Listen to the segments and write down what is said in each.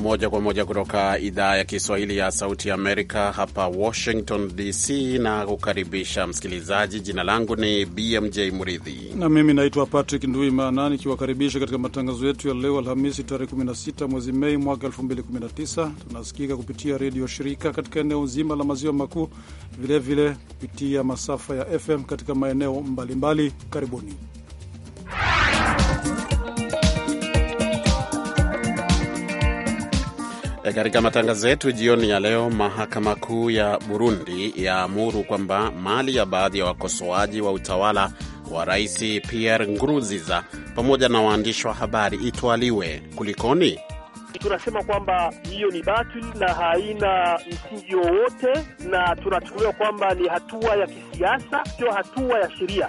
moja kwa moja kutoka idhaa ya Kiswahili ya Sauti ya Amerika hapa Washington DC, na kukaribisha msikilizaji. Jina langu ni BMJ Mridhi na mimi naitwa Patrick Nduimana, nikiwakaribisha katika matangazo yetu ya leo Alhamisi tarehe 16 mwezi Mei mwaka 2019. Tunasikika kupitia redio shirika katika eneo zima la maziwa makuu, vilevile kupitia masafa ya FM katika maeneo mbalimbali Karibuni. Eh, katika matangazo yetu jioni ya leo, mahakama kuu ya Burundi yaamuru kwamba mali ya baadhi ya wakosoaji wa utawala wa Rais Pierre Nkurunziza pamoja na waandishi wa habari itwaliwe. Kulikoni? Tunasema kwamba hiyo ni batili na haina msingi wowote, na tunachukuliwa kwamba ni hatua ya kisiasa, sio hatua ya sheria.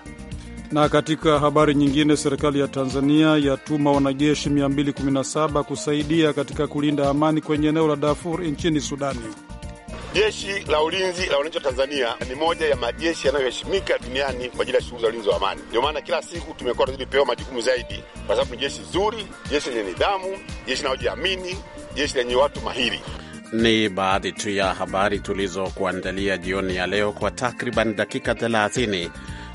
Na katika habari nyingine, serikali ya Tanzania yatuma wanajeshi 217 kusaidia katika kulinda amani kwenye eneo la Darfur nchini Sudani. Jeshi la ulinzi la wananchi wa Tanzania ni moja ya majeshi yanayoheshimika duniani kwa ajili ya shughuli za ulinzi wa amani. Ndio maana kila siku tumekuwa tunazidi pewa majukumu zaidi, kwa sababu ni jeshi zuri, jeshi lenye nidhamu, jeshi linalojiamini, jeshi lenye watu mahiri. Ni baadhi tu ya habari tulizokuandalia jioni ya leo kwa takriban dakika 30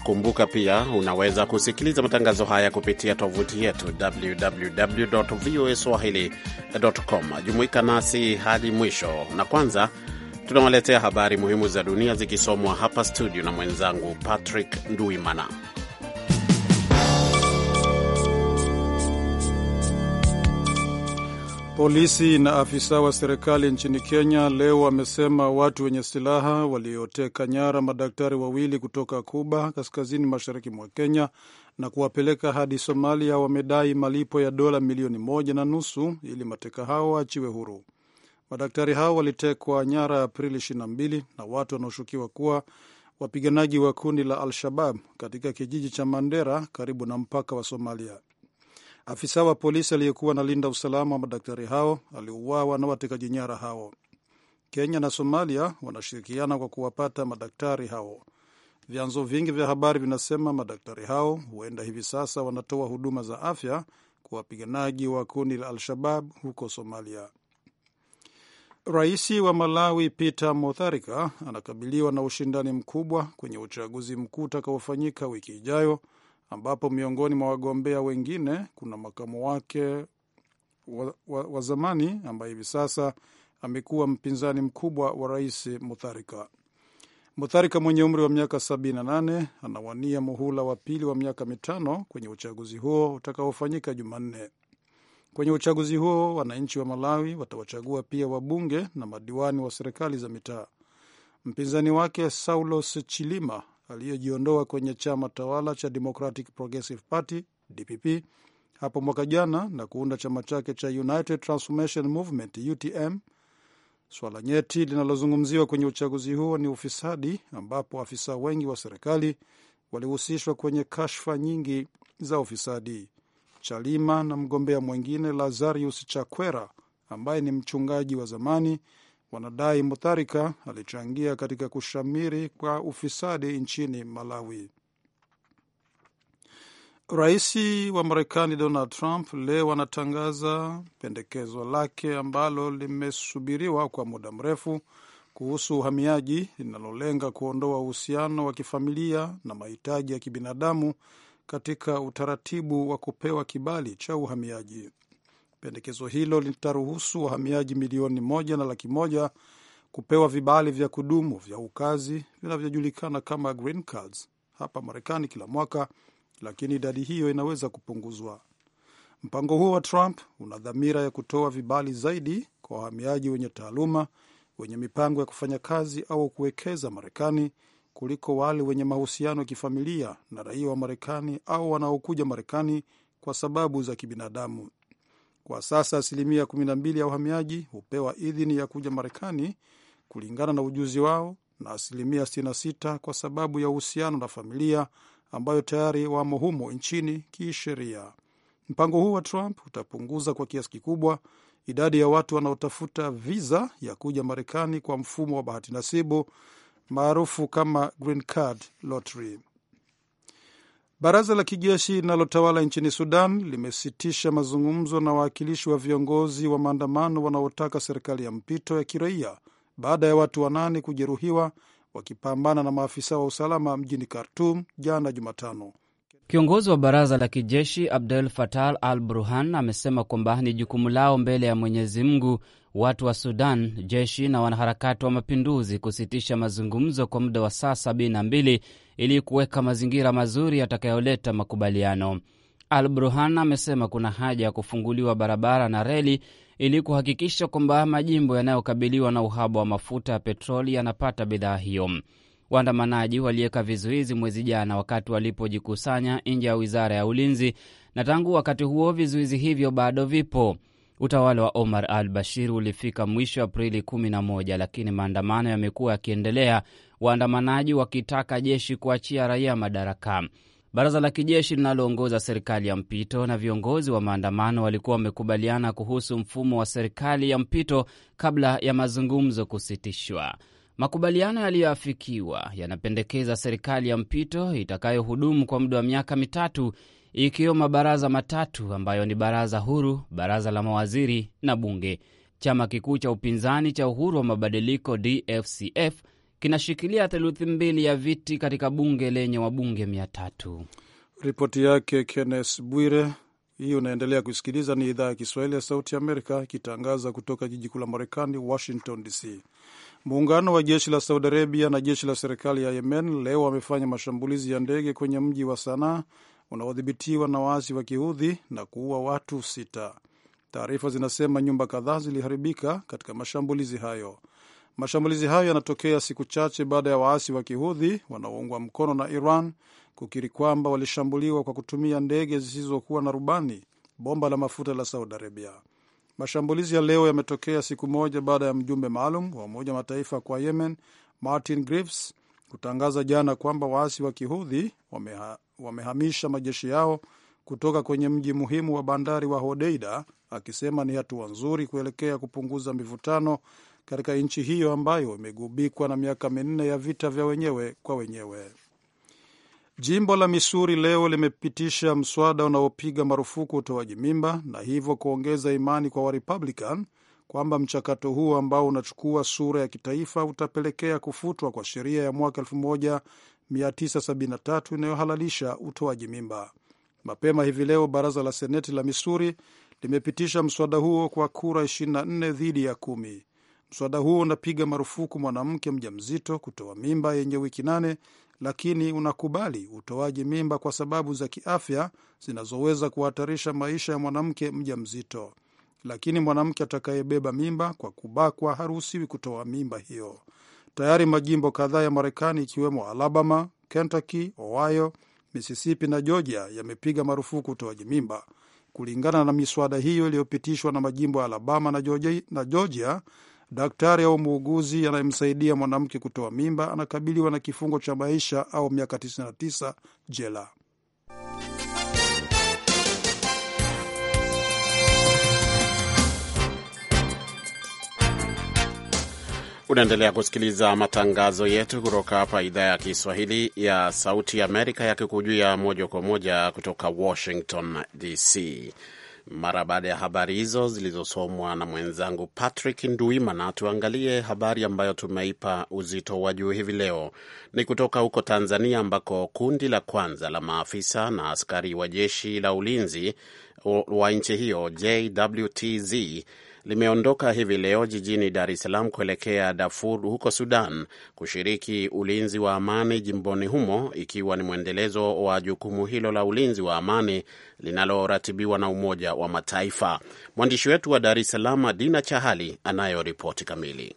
Kumbuka pia unaweza kusikiliza matangazo haya kupitia tovuti yetu www voa swahili.com. Jumuika nasi hadi mwisho, na kwanza tunawaletea habari muhimu za dunia zikisomwa hapa studio na mwenzangu Patrick Nduimana. Polisi na afisa wa serikali nchini Kenya leo wamesema watu wenye silaha walioteka nyara madaktari wawili kutoka Kuba, kaskazini mashariki mwa Kenya, na kuwapeleka hadi Somalia wamedai malipo ya dola milioni moja na nusu ili mateka hao waachiwe huru. Madaktari hao walitekwa nyara Aprili 22 na watu wanaoshukiwa kuwa wapiganaji wa kundi la Al-Shabab katika kijiji cha Mandera karibu na mpaka wa Somalia. Afisa wa polisi aliyekuwa analinda usalama wa madaktari hao aliuawa na watekaji nyara hao. Kenya na Somalia wanashirikiana kwa kuwapata madaktari hao. Vyanzo vingi vya habari vinasema madaktari hao huenda hivi sasa wanatoa huduma za afya kwa wapiganaji wa kundi la Al-Shabab huko Somalia. Rais wa Malawi Peter Mutharika anakabiliwa na ushindani mkubwa kwenye uchaguzi mkuu utakaofanyika wiki ijayo ambapo miongoni mwa wagombea wengine kuna makamu wake wa, wa, wa zamani ambaye hivi sasa amekuwa mpinzani mkubwa wa rais Mutharika. Mutharika mwenye umri wa miaka 78 anawania muhula wa pili wa miaka mitano kwenye uchaguzi huo utakaofanyika Jumanne. Kwenye uchaguzi huo wananchi wa Malawi watawachagua pia wabunge na madiwani wa serikali za mitaa. Mpinzani wake Saulos Chilima aliyejiondoa kwenye chama tawala cha Democratic Progressive Party DPP hapo mwaka jana na kuunda chama chake cha United Transformation Movement UTM. Swala nyeti linalozungumziwa kwenye uchaguzi huo ni ufisadi, ambapo afisa wengi wa serikali walihusishwa kwenye kashfa nyingi za ufisadi. Chalima na mgombea mwingine lazarius Chakwera ambaye ni mchungaji wa zamani wanadai Mutharika alichangia katika kushamiri kwa ufisadi nchini Malawi. Rais wa Marekani Donald Trump leo anatangaza pendekezo lake ambalo limesubiriwa kwa muda mrefu kuhusu uhamiaji linalolenga kuondoa uhusiano wa kifamilia na mahitaji ya kibinadamu katika utaratibu wa kupewa kibali cha uhamiaji. Pendekezo hilo litaruhusu wahamiaji milioni moja na laki moja kupewa vibali vya kudumu vya ukazi vinavyojulikana kama green cards hapa Marekani kila mwaka, lakini idadi hiyo inaweza kupunguzwa. Mpango huo wa Trump una dhamira ya kutoa vibali zaidi kwa wahamiaji wenye taaluma, wenye mipango ya kufanya kazi au kuwekeza Marekani kuliko wale wenye mahusiano ya kifamilia na raia wa Marekani au wanaokuja Marekani kwa sababu za kibinadamu. Kwa sasa asilimia 12 ya uhamiaji hupewa idhini ya kuja Marekani kulingana na ujuzi wao na asilimia 66 kwa sababu ya uhusiano na familia ambayo tayari wamo humo nchini kisheria. Mpango huu wa Trump utapunguza kwa kiasi kikubwa idadi ya watu wanaotafuta viza ya kuja Marekani kwa mfumo wa bahati nasibu maarufu kama green card lottery. Baraza la kijeshi linalotawala nchini Sudan limesitisha mazungumzo na wawakilishi wa viongozi wa maandamano wanaotaka serikali ya mpito ya kiraia baada ya watu wanane kujeruhiwa wakipambana na maafisa wa usalama mjini Khartum jana Jumatano. Kiongozi wa baraza la kijeshi Abdel Fattah al Burhan amesema kwamba ni jukumu lao mbele ya Mwenyezi Mungu, watu wa Sudan, jeshi na wanaharakati wa mapinduzi kusitisha mazungumzo kwa muda wa saa 72 ili kuweka mazingira mazuri yatakayoleta makubaliano. Al Burhan amesema kuna haja ya kufunguliwa barabara na reli ili kuhakikisha kwamba majimbo yanayokabiliwa na uhaba wa mafuta ya petroli yanapata bidhaa hiyo. Waandamanaji waliweka vizuizi mwezi jana wakati walipojikusanya nje ya wizara ya ulinzi, na tangu wakati huo vizuizi hivyo bado vipo. Utawala wa Omar al Bashir ulifika mwisho Aprili 11 lakini maandamano yamekuwa yakiendelea, waandamanaji wakitaka jeshi kuachia raia madaraka. Baraza la kijeshi linaloongoza serikali ya mpito na viongozi wa maandamano walikuwa wamekubaliana kuhusu mfumo wa serikali ya mpito kabla ya mazungumzo kusitishwa. Makubaliano yaliyoafikiwa yanapendekeza serikali ya mpito itakayohudumu kwa muda wa miaka mitatu ikiwemo mabaraza matatu ambayo ni baraza huru, baraza la mawaziri na bunge. Chama kikuu cha upinzani cha Uhuru wa Mabadiliko DFCF kinashikilia theluthi mbili ya viti katika bunge lenye wabunge mia tatu. Ripoti yake Kennes Bwire. Hii unaendelea kusikiliza, ni idhaa ya Kiswahili ya Sauti ya Amerika ikitangaza kutoka jiji kuu la Marekani, Washington DC. Muungano wa jeshi la Saudi Arabia na jeshi la serikali ya Yemen leo wamefanya mashambulizi ya ndege kwenye mji wa Sanaa unaodhibitiwa na waasi wa Kihudhi na kuua watu sita. Taarifa zinasema nyumba kadhaa ziliharibika katika mashambulizi hayo. Mashambulizi hayo yanatokea siku chache baada ya waasi wa Kihudhi wanaoungwa mkono na Iran kukiri kwamba walishambuliwa kwa kutumia ndege zisizokuwa na rubani bomba la mafuta la Saudi Arabia. Mashambulizi ya leo yametokea siku moja baada ya mjumbe maalum wa Umoja wa Mataifa kwa Yemen Martin Griffiths kutangaza jana kwamba waasi wa kihudhi wameha, wamehamisha majeshi yao kutoka kwenye mji muhimu wa bandari wa Hodeida, akisema ni hatua nzuri kuelekea kupunguza mivutano katika nchi hiyo ambayo imegubikwa na miaka minne ya vita vya wenyewe kwa wenyewe. Jimbo la Misuri leo limepitisha mswada unaopiga marufuku utoaji mimba na hivyo kuongeza imani kwa Warepublican kwamba mchakato huu ambao unachukua sura ya kitaifa utapelekea kufutwa kwa sheria ya mwaka 1973 inayohalalisha utoaji mimba. Mapema hivi leo baraza la seneti la Misuri limepitisha mswada huo kwa kura 24 dhidi ya kumi. Mswada huo unapiga marufuku mwanamke mjamzito kutoa mimba yenye wiki nane lakini unakubali utoaji mimba kwa sababu za kiafya zinazoweza kuhatarisha maisha ya mwanamke mja mzito Lakini mwanamke atakayebeba mimba kwa kubakwa haruhusiwi kutoa mimba hiyo. Tayari majimbo kadhaa ya Marekani ikiwemo Alabama, Kentucky, Ohio, Mississippi na Georgia yamepiga marufuku utoaji mimba kulingana na miswada hiyo iliyopitishwa na majimbo ya Alabama na Georgia Daktari au muuguzi anayemsaidia mwanamke kutoa mimba anakabiliwa na kifungo cha maisha au miaka 99 jela. Unaendelea kusikiliza matangazo yetu kutoka hapa idhaa ya Kiswahili ya Sauti Amerika, yakikujia moja kwa moja kutoka Washington DC. Mara baada ya habari hizo zilizosomwa na mwenzangu Patrick Nduimana, tuangalie habari ambayo tumeipa uzito wa juu hivi leo. Ni kutoka huko Tanzania, ambako kundi la kwanza la maafisa na askari wa jeshi la ulinzi wa nchi hiyo JWTZ limeondoka hivi leo jijini Dar es Salaam kuelekea Darfur huko Sudan kushiriki ulinzi wa amani jimboni humo, ikiwa ni mwendelezo wa jukumu hilo la ulinzi wa amani linaloratibiwa na Umoja wa Mataifa. Mwandishi wetu wa Dar es Salaam, Dina Chahali, anayo ripoti kamili.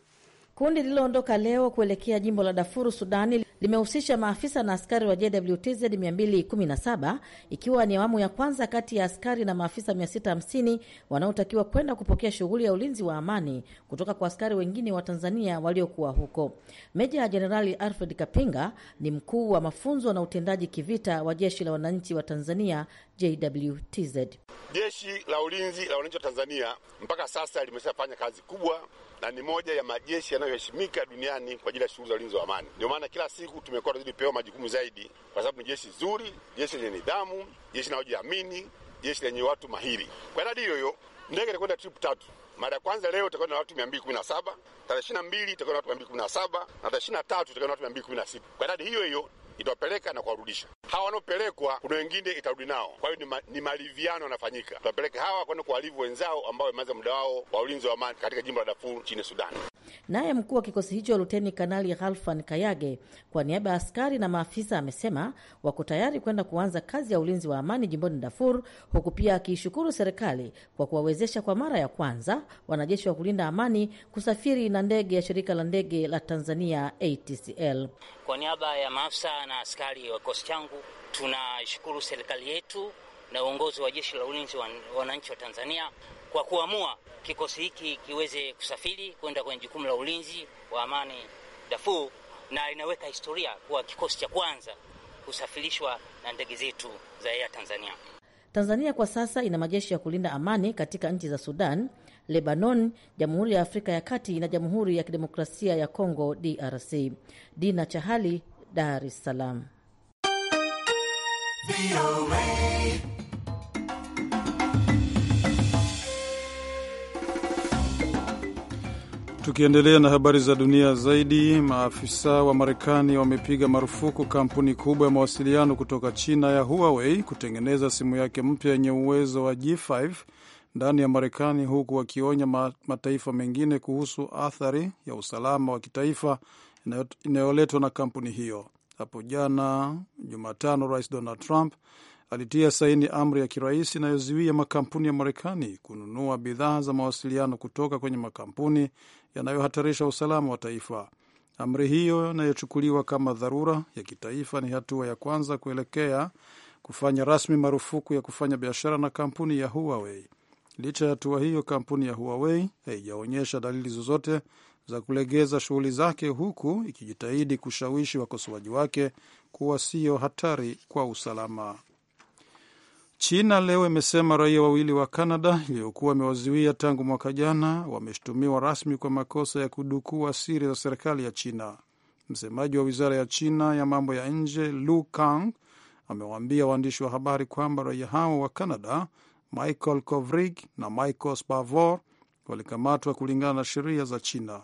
Kundi lililoondoka leo kuelekea jimbo la Darfur, Sudani, limehusisha maafisa na askari wa JWTZ 217 ikiwa ni awamu ya kwanza kati ya askari na maafisa 650 wanaotakiwa kwenda kupokea shughuli ya ulinzi wa amani kutoka kwa askari wengine wa Tanzania waliokuwa huko. Meja Jenerali Alfred Kapinga ni mkuu wa mafunzo na utendaji kivita wa Jeshi la Wananchi wa Tanzania JWTZ. Jeshi la Ulinzi la Wananchi wa Tanzania mpaka sasa limeshafanya kazi kubwa na ni moja ya majeshi yanayoheshimika duniani kwa ajili ya shughuli za ulinzi wa amani. Ndio maana kila siku tumekuwa tunazidi pewa majukumu zaidi, kwa sababu ni jeshi zuri, jeshi lenye nidhamu, jeshi linalojiamini, jeshi lenye watu mahiri. Kwa idadi hiyo hiyo ndege itakwenda trip tatu. Mara ya kwanza leo itakwenda na watu 217, tarehe 22 itakwenda na watu 217 na tarehe 23 itakwenda na watu 216. Kwa idadi hiyo hiyo itawapeleka na kuwarudisha hawa wanaopelekwa. Kuna wengine itarudi nao, kwa hiyo ni, ma, ni maliviano yanafanyika. Tutapeleka hawa kwenda kuwalivu wenzao ambao wameanza muda wao wa ulinzi wa amani katika jimbo la Darfur nchini Sudani. Naye mkuu wa kikosi hicho Luteni Kanali ghalfan Kayage, kwa niaba ya askari na maafisa, amesema wako tayari kwenda kuanza kazi ya ulinzi wa amani jimboni Darfur, huku pia akiishukuru serikali kwa kuwawezesha kwa mara ya kwanza wanajeshi wa kulinda amani kusafiri na ndege ya shirika la ndege la Tanzania ATCL. Kwa niaba ya maafisa na askari wa kikosi changu tunashukuru serikali yetu na uongozi wa jeshi la ulinzi wa wananchi wa Tanzania kwa kuamua kikosi hiki kiweze kusafiri kwenda kwenye jukumu la ulinzi wa amani Dafu, na inaweka historia kuwa kikosi cha kwanza kusafirishwa na ndege zetu za Air Tanzania. Tanzania kwa sasa ina majeshi ya kulinda amani katika nchi za Sudan, Lebanon, Jamhuri ya Afrika ya Kati na Jamhuri ya Kidemokrasia ya Kongo, DRC. Dina Chahali, Dar es Salaam. Tukiendelea na habari za dunia zaidi, maafisa wa Marekani wamepiga marufuku kampuni kubwa ya mawasiliano kutoka China ya Huawei kutengeneza simu yake mpya yenye uwezo wa G5 ndani ya Marekani, huku wakionya mataifa mengine kuhusu athari ya usalama wa kitaifa inayoletwa na kampuni hiyo. Hapo jana Jumatano, Rais Donald Trump alitia saini amri ya kirais inayozuia makampuni ya Marekani kununua bidhaa za mawasiliano kutoka kwenye makampuni yanayohatarisha usalama wa taifa. Amri hiyo inayochukuliwa kama dharura ya kitaifa ni hatua ya kwanza kuelekea kufanya rasmi marufuku ya kufanya biashara na kampuni ya Huawei. Licha ya hatua hiyo, kampuni ya Huawei haijaonyesha hey, dalili zozote za kulegeza shughuli zake, huku ikijitahidi kushawishi wakosoaji wake kuwa sio hatari kwa usalama. China leo imesema raia wawili wa Canada iliyokuwa imewazuia tangu mwaka jana wameshutumiwa rasmi kwa makosa ya kudukua siri za serikali ya China. Msemaji wa wizara ya China ya mambo ya nje Lu Kang amewaambia waandishi wa habari kwamba raia hao wa Canada Michael Kovrig na Michael Spavor walikamatwa kulingana na sheria za China.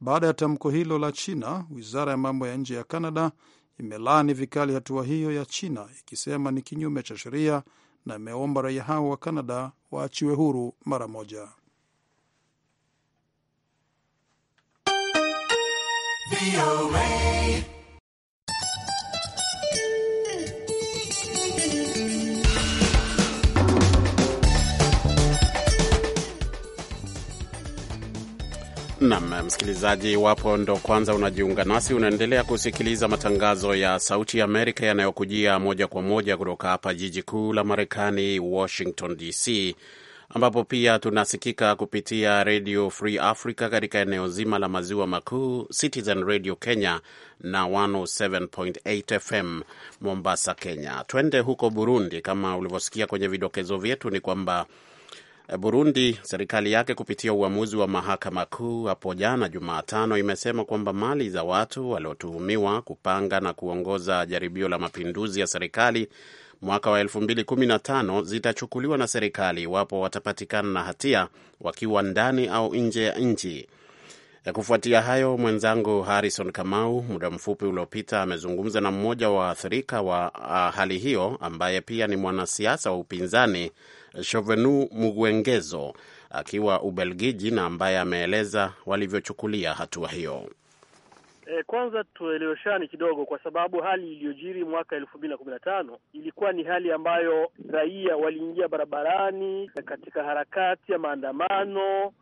Baada ya tamko hilo la China, wizara ya mambo ya nje ya Canada imelaani vikali hatua hiyo ya China, ikisema ni kinyume cha sheria na imeomba raia hao wa canada waachiwe huru mara moja. Nam msikilizaji, iwapo ndo kwanza unajiunga nasi, unaendelea kusikiliza matangazo ya Sauti ya Amerika yanayokujia moja kwa moja kutoka hapa jiji kuu la Marekani, Washington DC, ambapo pia tunasikika kupitia Redio Free Africa katika eneo zima la Maziwa Makuu, Citizen Radio Kenya na 107.8 FM Mombasa, Kenya. Twende huko Burundi. Kama ulivyosikia kwenye vidokezo vyetu, ni kwamba Eh, Burundi, serikali yake kupitia uamuzi wa mahakama kuu hapo jana Jumatano imesema kwamba mali za watu waliotuhumiwa kupanga na kuongoza jaribio la mapinduzi ya serikali mwaka wa 2015 zitachukuliwa na serikali iwapo watapatikana na hatia wakiwa ndani au nje ya nchi. Eh, kufuatia hayo, mwenzangu Harrison Kamau muda mfupi uliopita amezungumza na mmoja wa waathirika wa ah, hali hiyo ambaye pia ni mwanasiasa wa upinzani Chovenu Mugwengezo akiwa Ubelgiji na ambaye ameeleza walivyochukulia hatua wa hiyo. E, kwanza tueleweshani kidogo, kwa sababu hali iliyojiri mwaka elfu mbili na kumi na tano ilikuwa ni hali ambayo raia waliingia barabarani katika harakati ya maandamano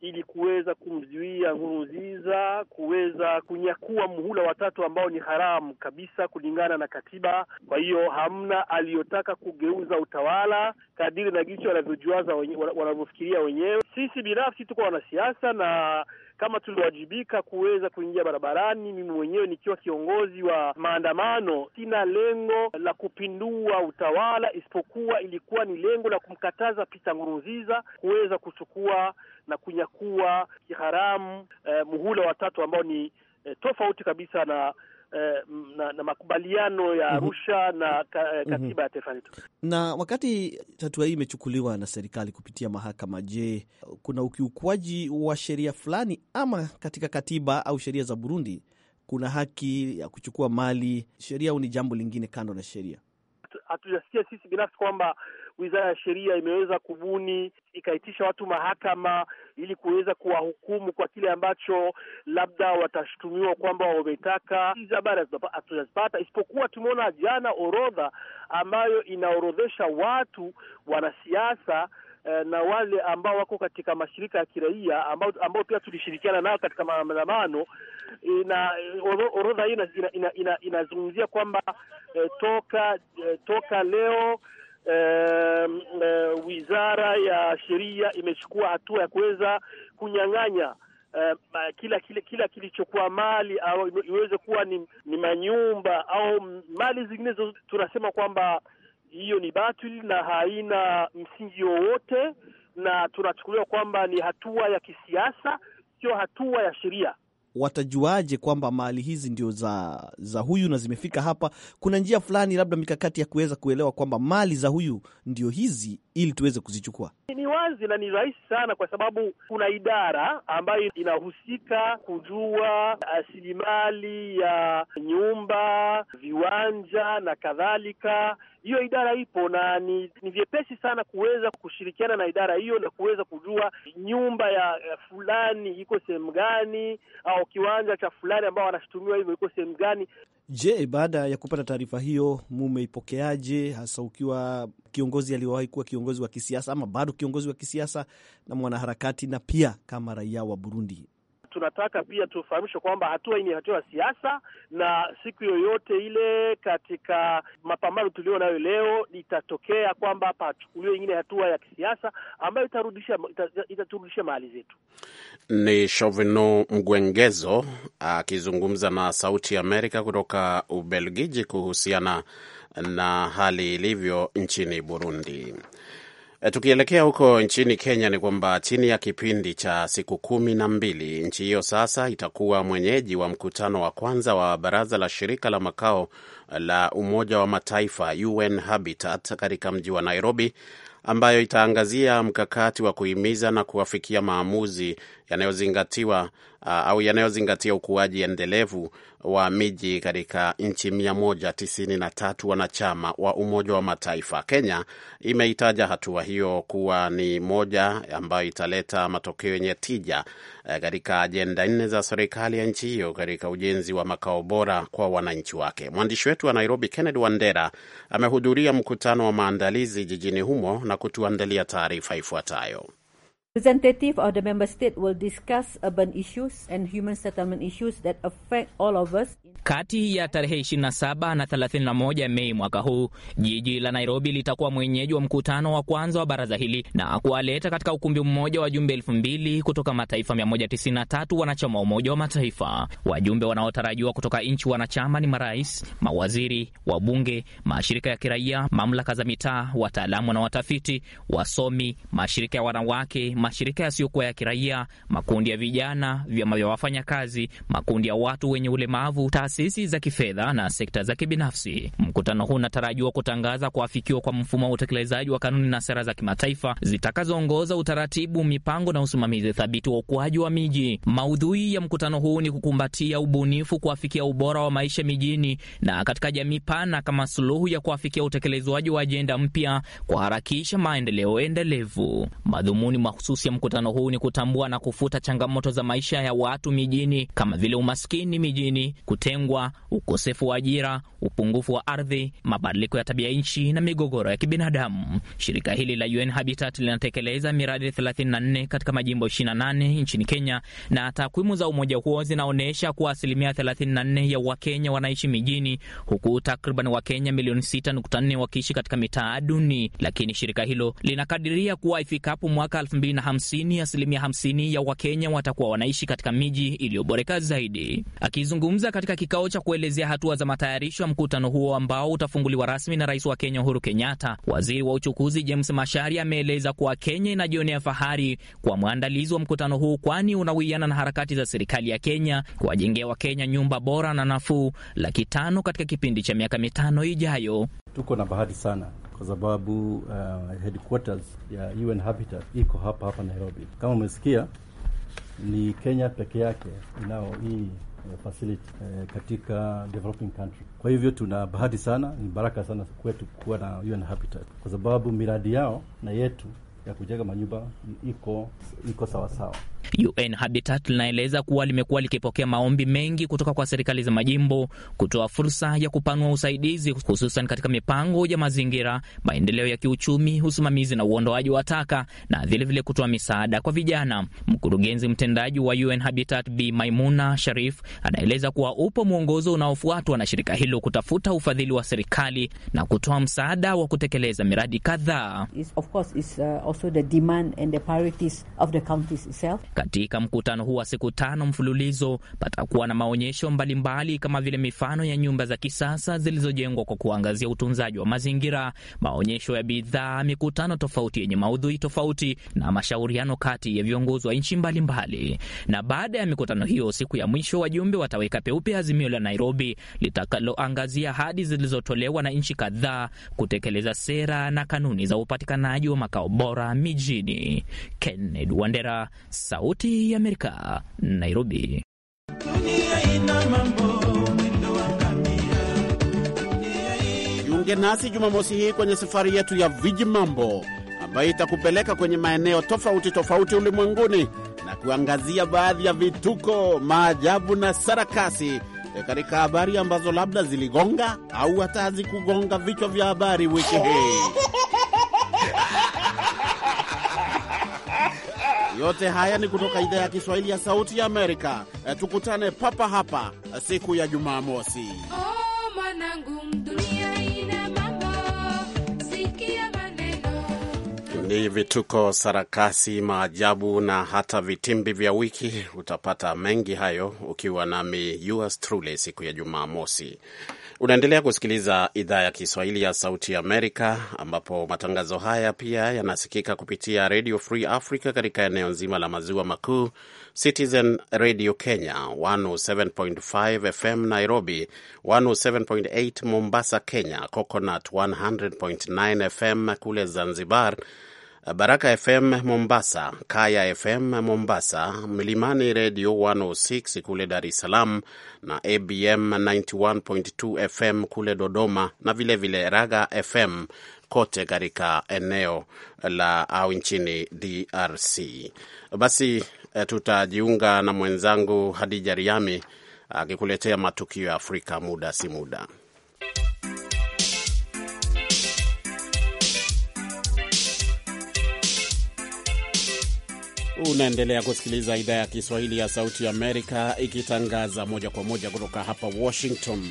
ili kuweza kumzuia Nkurunziza kuweza kunyakua muhula watatu ambao ni haramu kabisa kulingana na katiba. Kwa hiyo hamna aliyotaka kugeuza utawala kadiri na gicho wanavyojuaza wanavyofikiria wenyewe. Sisi binafsi tuko wanasiasa na kama tuliwajibika kuweza kuingia barabarani, mimi mwenyewe nikiwa kiongozi wa maandamano, sina lengo la kupindua utawala, isipokuwa ilikuwa ni lengo la kumkataza Pita Nkurunziza kuweza kuchukua na kunyakua kiharamu eh, muhula watatu ambao ni eh, tofauti kabisa na Eh, na, na makubaliano ya mhm. Arusha mm -hmm. na ka, eh, mhm. katiba mm -hmm. ya taifa letu. Na wakati hatua hii imechukuliwa na serikali kupitia mahakama, je, kuna ukiukwaji wa sheria fulani ama katika katiba au sheria za Burundi kuna haki ya kuchukua mali sheria au ni jambo lingine kando na sheria? Hatujasikia sisi binafsi kwamba wizara ya sheria imeweza kubuni ikaitisha watu mahakama ili kuweza kuwahukumu kwa kile ambacho labda watashutumiwa kwamba wametaka. Hizi habari hatujazipata, isipokuwa tumeona jana orodha ambayo inaorodhesha watu wanasiasa eh, na wale ambao wako katika mashirika ya kiraia ambao, ambao pia tulishirikiana nao katika maandamano. na orodha hiyo inazungumzia ina, ina, ina kwamba eh, toka eh, toka leo eh, wizara ya sheria imechukua hatua ya kuweza kunyang'anya eh, kila kile kila kilichokuwa mali au iweze kuwa ni, ni manyumba au mali zinginezo, tunasema kwamba hiyo ni batili na haina msingi wowote, na tunachukuliwa kwamba ni hatua ya kisiasa, sio hatua ya sheria watajuaje kwamba mali hizi ndio za, za huyu na zimefika hapa? Kuna njia fulani labda mikakati ya kuweza kuelewa kwamba mali za huyu ndio hizi ili tuweze kuzichukua? Ni wazi na ni rahisi sana, kwa sababu kuna idara ambayo inahusika kujua rasilimali ya nyumba, viwanja na kadhalika. Hiyo idara ipo na ni, ni vyepesi sana kuweza kushirikiana na idara hiyo na kuweza kujua nyumba ya fulani iko sehemu gani au kiwanja cha fulani ambao wanashutumiwa hivyo iko sehemu gani. Je, baada ya kupata taarifa hiyo mumeipokeaje, hasa ukiwa kiongozi aliyowahi kuwa kiongozi wa kisiasa ama bado kiongozi wa kisiasa na mwanaharakati, na pia kama raia wa Burundi? tunataka pia tufahamishwe kwamba hatua hii ni hatua ya siasa, na siku yoyote ile katika mapambano tulio nayo leo itatokea kwamba pachukuliwe ingine hatua ya kisiasa ambayo itarudisha itaturudisha mahali zetu. Ni Shovino Mgwengezo akizungumza na Sauti ya Amerika kutoka Ubelgiji kuhusiana na hali ilivyo nchini Burundi. Eh, tukielekea huko nchini Kenya ni kwamba chini ya kipindi cha siku kumi na mbili nchi hiyo sasa itakuwa mwenyeji wa mkutano wa kwanza wa baraza la shirika la makao eh, la Umoja wa Mataifa UN Habitat katika mji wa Nairobi ambayo itaangazia mkakati wa kuhimiza na kuwafikia maamuzi yanayozingatiwa uh, au yanayozingatia ukuaji endelevu wa miji katika nchi tatu wanachama wa Umoja wa Mataifa. Kenya imeitaja hatua hiyo kuwa ni moja ambayo italeta matokeo yenye tija uh, katika ajenda nne za serikali ya nchi hiyo katika ujenzi wa makao bora kwa wananchi wake. Mwandishi wetu wa Nairobi, Kennedy Wandera, amehudhuria mkutano wa maandalizi jijini humo na kutuandalia taarifa ifuatayo. Representative of the member state will discuss urban issues and human settlement issues that affect all of us. Kati ya tarehe 27 na 31 Mei mwaka huu, jiji la Nairobi litakuwa mwenyeji wa mkutano wa kwanza wa baraza hili na kuwaleta katika ukumbi mmoja wajumbe elfu mbili kutoka mataifa 193 wanachama Umoja wa Mataifa. Wajumbe wanaotarajiwa kutoka nchi wanachama ni marais, mawaziri, wabunge, mashirika ya kiraia, mamlaka za mitaa, wataalamu na watafiti, wasomi, mashirika ya wanawake mashirika yasiyokuwa ya kiraia, makundi ya vijana, vyama vya wafanyakazi, makundi ya watu wenye ulemavu, taasisi za kifedha na sekta za kibinafsi. Mkutano huu unatarajiwa kutangaza kuafikiwa kwa mfumo wa utekelezaji wa kanuni na sera za kimataifa zitakazoongoza utaratibu, mipango na usimamizi thabiti wa ukuaji wa miji. Maudhui ya mkutano huu ni kukumbatia ubunifu, kuafikia ubora wa maisha mijini na katika jamii pana kama suluhu ya kuafikia utekelezwaji wa ajenda mpya, kuharakisha maendeleo endelevu. Madhumuni mahususi Mahususi ya mkutano huu ni kutambua na kufuta changamoto za maisha ya watu mijini kama vile umaskini mijini, kutengwa, ukosefu wa ajira, upungufu wa ardhi, mabadiliko ya tabia nchi na migogoro ya kibinadamu. Shirika hili la UN Habitat linatekeleza miradi 34 katika majimbo 28 nchini Kenya, na takwimu za umoja huo zinaonyesha kuwa asilimia 34 ya Wakenya wanaishi mijini, huku takriban Wakenya milioni 6.4 wakiishi katika mitaa duni, lakini shirika hilo linakadiria kuwa ifikapo mwaka 50, asilimia 50 ya Wakenya watakuwa wanaishi katika miji iliyoboreka zaidi. Akizungumza katika kikao cha kuelezea hatua za matayarisho ya mkutano huo ambao utafunguliwa rasmi na rais wa Kenya Uhuru Kenyatta, waziri wa uchukuzi James mashari ameeleza kuwa Kenya inajionea fahari kwa mwandalizi wa mkutano huu, kwani unawiana na harakati za serikali ya Kenya kuwajengea Wakenya nyumba bora na nafuu laki tano katika kipindi cha miaka mitano ijayo. Tuko na bahati sana kwa sababu uh, headquarters ya UN Habitat iko hapa hapa Nairobi. Kama umesikia, ni Kenya peke yake inao hii uh, facility uh, katika developing country. Kwa hivyo tuna bahati sana, ni baraka sana kwetu kuwa na UN Habitat kwa sababu miradi yao na yetu ya kujenga manyumba iko iko sawasawa sawa. UN Habitat linaeleza kuwa limekuwa likipokea maombi mengi kutoka kwa serikali za majimbo kutoa fursa ya kupanua usaidizi hususan katika mipango ya mazingira, maendeleo ya kiuchumi, usimamizi na uondoaji wa taka na vilevile kutoa misaada kwa vijana. Mkurugenzi mtendaji wa UN Habitat Bi Maimuna Sharif anaeleza kuwa upo mwongozo unaofuatwa na shirika hilo kutafuta ufadhili wa serikali na kutoa msaada wa kutekeleza miradi kadhaa. Katika mkutano huu wa siku tano mfululizo, patakuwa na maonyesho mbalimbali mbali kama vile mifano ya nyumba za kisasa zilizojengwa kwa kuangazia utunzaji wa mazingira, maonyesho ya bidhaa, mikutano tofauti yenye maudhui tofauti na mashauriano kati ya viongozi wa nchi mbalimbali. Na baada ya mikutano hiyo, siku ya mwisho, wajumbe wataweka peupe azimio la Nairobi litakaloangazia ahadi zilizotolewa na nchi kadhaa kutekeleza sera na kanuni za upatikanaji wa makao bora mijini. Kennedy Wandera, Sauti ya Amerika, Nairobi. Jiunge nasi Jumamosi hii kwenye safari yetu ya viji mambo ambayo itakupeleka kwenye maeneo tofauti tofauti ulimwenguni na kuangazia baadhi ya vituko, maajabu na sarakasi eh, katika habari ambazo labda ziligonga au hata hazikugonga vichwa vya habari wiki hii. Yote haya ni kutoka idhaa ya Kiswahili ya Sauti ya Amerika. Eh, tukutane papa hapa eh, siku ya Jumamosi. Oh, ni vituko, sarakasi, maajabu na hata vitimbi vya wiki. Utapata mengi hayo ukiwa nami yours truly siku ya Jumamosi. Unaendelea kusikiliza idhaa ya Kiswahili ya Sauti ya Amerika, ambapo matangazo haya pia yanasikika kupitia Radio Free Africa katika eneo nzima la maziwa makuu, Citizen Radio Kenya 107.5 FM Nairobi, 107.8 Mombasa Kenya, Coconut 100.9 FM kule Zanzibar, Baraka FM Mombasa, Kaya FM Mombasa, Mlimani Redio 106 kule Dar es Salaam na ABM 91.2 FM kule Dodoma na vilevile vile Raga FM kote katika eneo la au nchini DRC. Basi eh, tutajiunga na mwenzangu Hadija Riami akikuletea matukio ya Afrika muda si muda. Unaendelea kusikiliza idhaa ya Kiswahili ya Sauti ya Amerika ikitangaza moja kwa moja kutoka hapa Washington.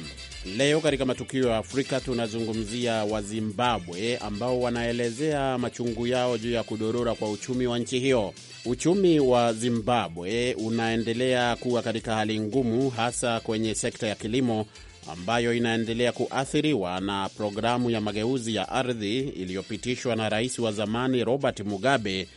Leo katika matukio ya Afrika tunazungumzia Wazimbabwe ambao wanaelezea machungu yao juu ya kudorora kwa uchumi wa nchi hiyo. Uchumi wa Zimbabwe unaendelea kuwa katika hali ngumu, hasa kwenye sekta ya kilimo ambayo inaendelea kuathiriwa na programu ya mageuzi ya ardhi iliyopitishwa na rais wa zamani Robert Mugabe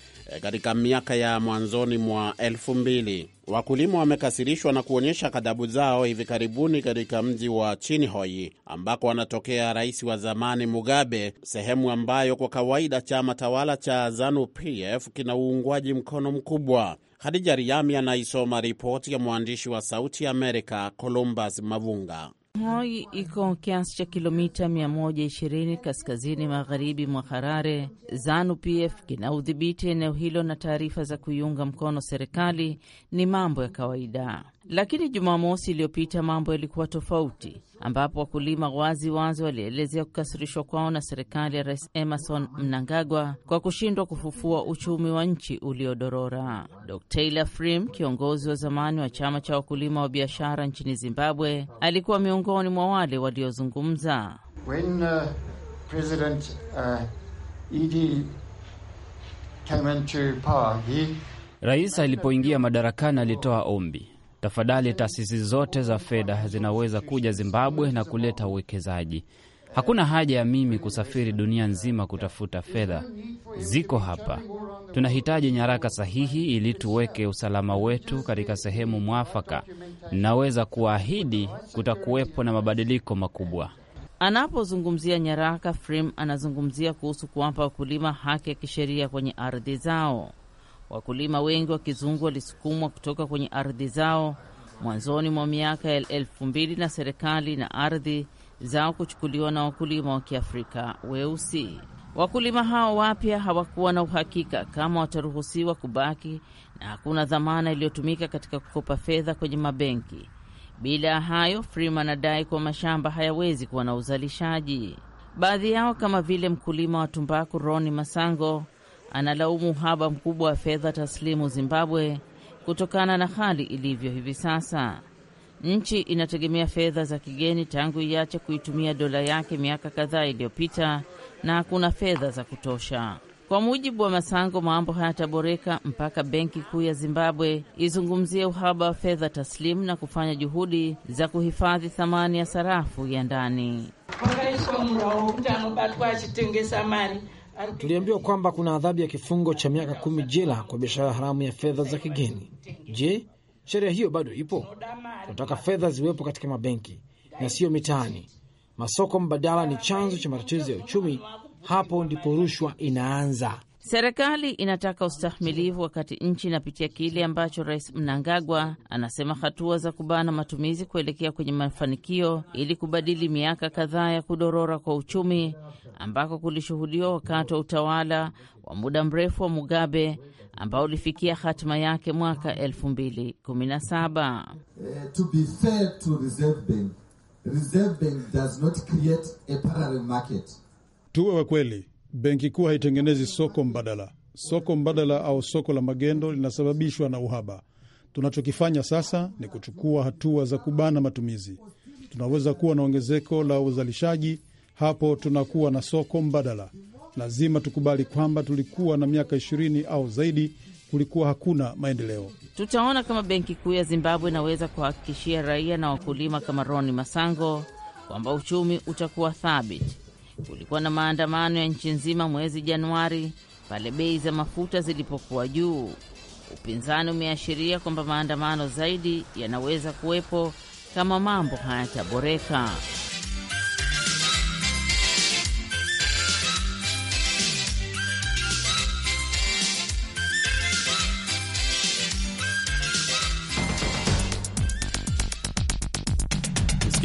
katika miaka ya mwanzoni mwa elfu mbili. Wakulima wamekasirishwa na kuonyesha ghadhabu zao hivi karibuni katika mji wa Chinhoi ambako anatokea rais wa zamani Mugabe, sehemu ambayo kwa kawaida chama tawala cha Zanu PF kina uungwaji mkono mkubwa. Hadija Riami anaisoma ripoti ya mwandishi wa Sauti ya Amerika Columbus Mavunga. Moi iko kiasi cha kilomita 120 kaskazini magharibi mwa Harare. Zanu PF kina udhibiti eneo hilo, na taarifa za kuiunga mkono serikali ni mambo ya kawaida. Lakini Jumamosi iliyopita mambo yalikuwa tofauti, ambapo wakulima wazi wazi walielezea kukasirishwa kwao na serikali ya Rais Emerson Mnangagwa kwa kushindwa kufufua uchumi wa nchi uliodorora. Dkt Taylor Frim, kiongozi wa zamani wa chama cha wakulima wa biashara nchini Zimbabwe, alikuwa miongoni mwa wale waliozungumza. Uh, uh, Rais alipoingia madarakani alitoa ombi Tafadhali, taasisi zote za fedha zinaweza kuja Zimbabwe na kuleta uwekezaji. Hakuna haja ya mimi kusafiri dunia nzima kutafuta fedha, ziko hapa. Tunahitaji nyaraka sahihi ili tuweke usalama wetu katika sehemu mwafaka. Naweza kuahidi kutakuwepo na mabadiliko makubwa. Anapozungumzia nyaraka, Frim anazungumzia kuhusu kuwapa wakulima haki ya kisheria kwenye ardhi zao. Wakulima wengi wa kizungu walisukumwa kutoka kwenye ardhi zao mwanzoni mwa miaka ya elfu mbili na serikali na ardhi zao kuchukuliwa na wakulima wa Kiafrika weusi. Wakulima hao wapya hawakuwa na uhakika kama wataruhusiwa kubaki na hakuna dhamana iliyotumika katika kukopa fedha kwenye mabenki. Bila ya hayo, Freeman anadai kuwa mashamba hayawezi kuwa na uzalishaji. Baadhi yao kama vile mkulima wa tumbaku Roni Masango analaumu uhaba mkubwa wa fedha taslimu Zimbabwe kutokana na hali ilivyo hivi sasa. Nchi inategemea fedha za kigeni tangu iache kuitumia dola yake miaka kadhaa iliyopita, na hakuna fedha za kutosha. Kwa mujibu wa Masango, mambo hayataboreka mpaka benki kuu ya Zimbabwe izungumzie uhaba wa fedha taslimu na kufanya juhudi za kuhifadhi thamani ya sarafu ya ndani. Tuliambiwa kwamba kuna adhabu ya kifungo cha miaka kumi jela kwa biashara haramu ya fedha za kigeni. Je, sheria hiyo bado ipo? Tunataka fedha ziwepo katika mabenki na siyo mitaani. Masoko mbadala ni chanzo cha matatizo ya uchumi. Hapo ndipo rushwa inaanza. Serikali inataka ustahimilivu wakati nchi inapitia kile ambacho Rais Mnangagwa anasema hatua za kubana matumizi kuelekea kwenye mafanikio ili kubadili miaka kadhaa ya kudorora kwa uchumi ambako kulishuhudiwa wakati wa utawala wa muda mrefu wa Mugabe ambao ulifikia hatima yake mwaka 2017. Eh, Tuwe wa kweli benki kuu haitengenezi soko mbadala. Soko mbadala au soko la magendo linasababishwa na uhaba. Tunachokifanya sasa ni kuchukua hatua za kubana matumizi. Tunaweza kuwa na ongezeko la uzalishaji, hapo tunakuwa na soko mbadala. Lazima tukubali kwamba tulikuwa na miaka ishirini au zaidi kulikuwa hakuna maendeleo. Tutaona kama benki kuu ya Zimbabwe inaweza kuhakikishia raia na wakulima kama Roni Masango kwamba uchumi utakuwa thabiti kulikuwa na maandamano ya nchi nzima mwezi Januari pale bei za mafuta zilipokuwa juu. Upinzani umeashiria kwamba maandamano zaidi yanaweza kuwepo kama mambo hayataboreka.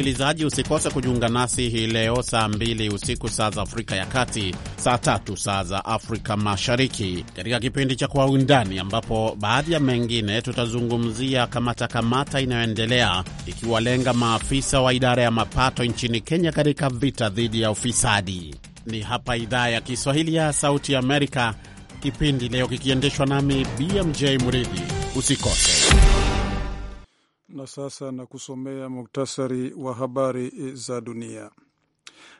Msikilizaji, usikose kujiunga nasi hii leo saa 2 usiku saa za Afrika ya Kati, saa tatu saa za Afrika Mashariki, katika kipindi cha Kwa Undani, ambapo baadhi ya mengine tutazungumzia kamata kamata inayoendelea ikiwalenga maafisa wa idara ya mapato nchini Kenya katika vita dhidi ya ufisadi. Ni hapa idhaa ya Kiswahili ya Sauti Amerika, kipindi leo kikiendeshwa nami BMJ Muridhi. Usikose. Na sasa na kusomea muktasari wa habari eh, za dunia.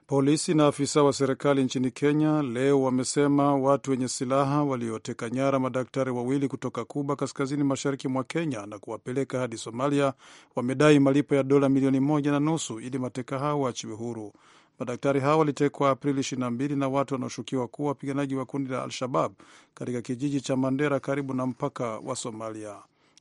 Polisi na afisa wa serikali nchini Kenya leo wamesema watu wenye silaha walioteka nyara madaktari wawili kutoka Kuba, kaskazini mashariki mwa Kenya, na kuwapeleka hadi Somalia wamedai malipo ya dola milioni moja na nusu ili mateka hao waachiwe huru. Madaktari hao walitekwa Aprili 22 na watu wanaoshukiwa kuwa wapiganaji wa kundi la Al-Shabab katika kijiji cha Mandera karibu na mpaka wa Somalia.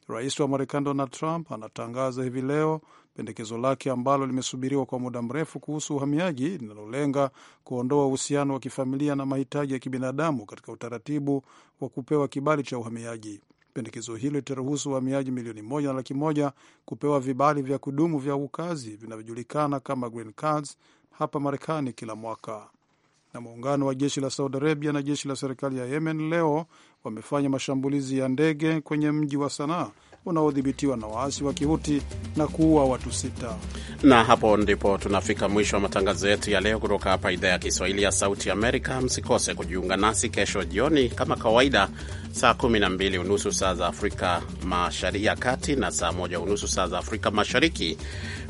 Rais wa Marekani Donald Trump anatangaza hivi leo pendekezo lake ambalo limesubiriwa kwa muda mrefu kuhusu uhamiaji linalolenga kuondoa uhusiano wa kifamilia na mahitaji ya kibinadamu katika utaratibu wa kupewa kibali cha uhamiaji. Pendekezo hilo litaruhusu wahamiaji milioni moja na laki moja kupewa vibali vya kudumu vya ukazi vinavyojulikana kama green cards hapa Marekani kila mwaka na muungano wa jeshi la Saudi Arabia na jeshi la serikali ya Yemen leo wamefanya mashambulizi ya ndege kwenye mji wa Sanaa unaodhibitiwa na waasi wa Kihuti na kuua watu sita. Na hapo ndipo tunafika mwisho wa matangazo yetu ya leo kutoka hapa idhaa ya Kiswahili ya Sauti Amerika. Msikose kujiunga nasi kesho jioni kama kawaida, saa kumi na mbili unusu saa za Afrika Mashariki ya Kati na saa moja unusu saa za Afrika Mashariki.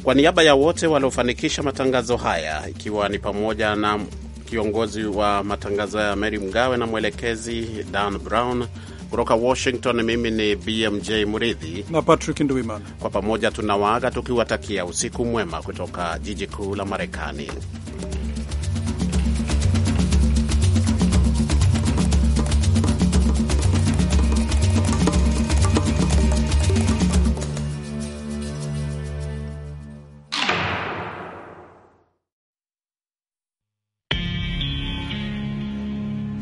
Kwa niaba ya wote waliofanikisha matangazo haya, ikiwa ni pamoja na kiongozi wa matangazo ya Mary Mgawe na mwelekezi Dan Brown. Kutoka Washington, mimi ni BMJ Muridhi na Patrick Ndwimana, kwa pamoja tunawaaga tukiwatakia usiku mwema kutoka jiji kuu la Marekani.